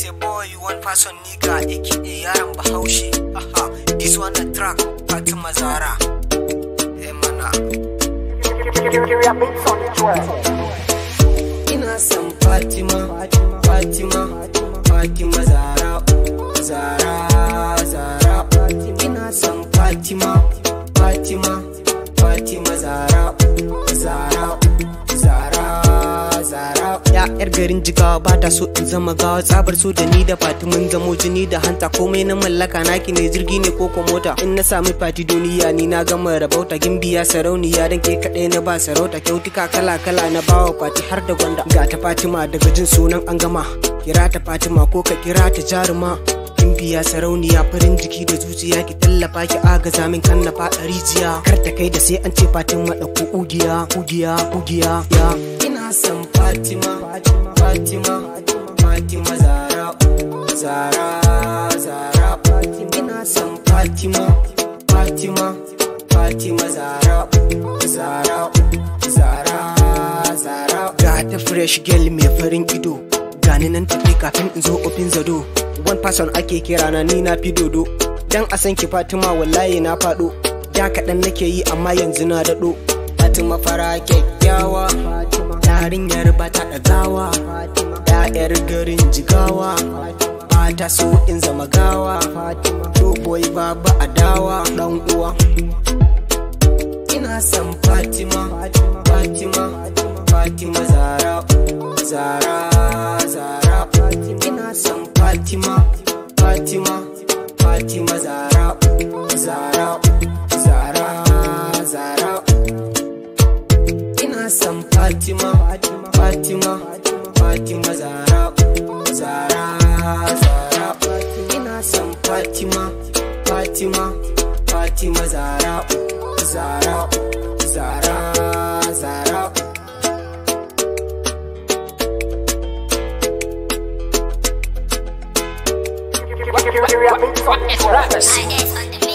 It's a boy, one person nigga, aka Yaran Bahaushi. Aha, this one a track, Fatima Zara. Hey, mana. Ina some Fatima, Fatima, Fatima Zara, Zara, Zara. Ina san Fatima, Fatima. garin jigawa ba ta so in zama gawa tsabar so da ni da fati mun zamo jini da hanta komai na mallaka naki ne jirgi ne ko ko mota in na sami fati duniya ni na gama rabauta gimbiya sarauniya dan ke kaɗai na ba sarauta kyautuka kala kala na bawa fati har da gwanda ga ta fatima daga jin sunan an gama kira ta fatima ko ka kira ta jaruma biya sarauniya farin jiki da zuciya ki tallafa ki agaza min kan na faɗa jiya. kar ta kai da sai an ce fatima ɗauko ugiya ugiya ugiya ya ina san fati Fatima, Fatima, Fatima Zara, Zara, Zara, Zara. Ga ta fresh girl mai farin ido, gani nan tafi kafin in zo ofin zado. One person ake kira na ni na fi dodo, dan a san ki Fatima wallahi na faɗo. Da kaɗan nake yi amma yanzu na daɗo. Fatima fara kyakkyawa, yarinyar ba ta ɗagawa, 'ya'yar garin jigawa. mata su in zama gawa boy baba adawa dan uwa ina sam fatima fatima fatima zara zara zara ina sam fatima fatima fatima zara zara zara zara ina sam fatima fatima fatima zara zara Zara some party ma, party ma, party ma, Zara Zara Zara Zara Rappers.